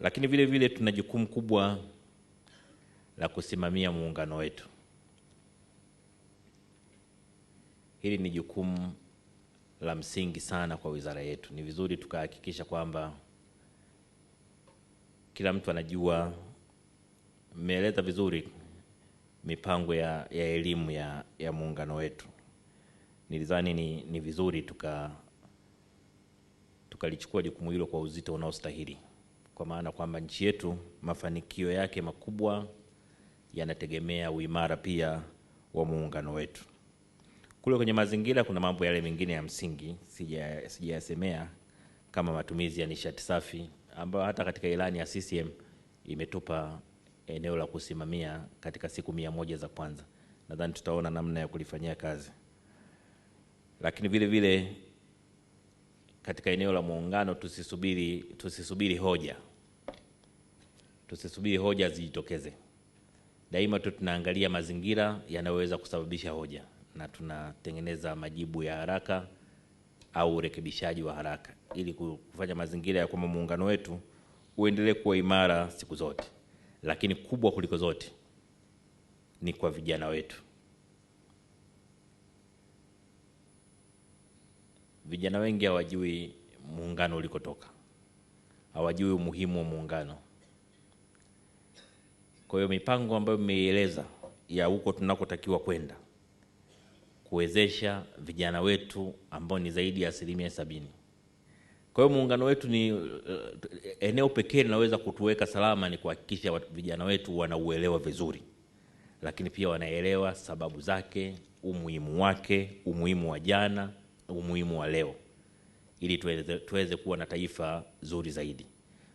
lakini vile vile tuna jukumu kubwa la kusimamia muungano wetu. Hili ni jukumu la msingi sana kwa wizara yetu. Ni vizuri tukahakikisha kwamba kila mtu anajua, mmeeleza vizuri mipango ya, ya elimu ya, ya muungano wetu. Nilidhani ni, ni vizuri tuka tukalichukua jukumu hilo kwa uzito unaostahili kwa maana kwamba nchi yetu mafanikio yake makubwa yanategemea uimara pia wa muungano wetu. Kule kwenye mazingira kuna mambo yale mengine ya msingi sija sijayasemea kama matumizi ya nishati safi ambayo hata katika ilani ya CCM imetupa eneo la kusimamia katika siku mia moja za kwanza. Nadhani tutaona namna ya kulifanyia kazi, lakini vile vile katika eneo la muungano, tusisubiri tusisubiri hoja tusisubiri hoja zijitokeze. Daima tu tunaangalia mazingira yanayoweza kusababisha hoja na tunatengeneza majibu ya haraka au urekebishaji wa haraka ili kufanya mazingira ya kwamba muungano wetu uendelee kuwa imara siku zote, lakini kubwa kuliko zote ni kwa vijana wetu. Vijana wengi hawajui muungano ulikotoka, hawajui umuhimu wa muungano. Kwa hiyo mipango ambayo mmeieleza ya huko tunakotakiwa kwenda kuwezesha vijana wetu ambao ni zaidi ya asilimia sabini. Kwa hiyo muungano wetu ni uh, eneo pekee linaweza kutuweka salama ni kuhakikisha vijana wetu wanauelewa vizuri, lakini pia wanaelewa sababu zake, umuhimu wake, umuhimu wa jana umuhimu wa leo ili tuweze, tuweze kuwa na taifa zuri zaidi.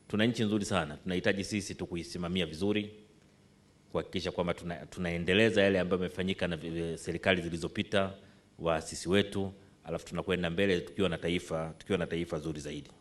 Tuna nchi nzuri sana, tunahitaji sisi tu kuisimamia vizuri, kuhakikisha kwamba tuna, tunaendeleza yale ambayo yamefanyika na serikali zilizopita, waasisi wetu, alafu tunakwenda mbele tukiwa na taifa, tukiwa na taifa zuri zaidi.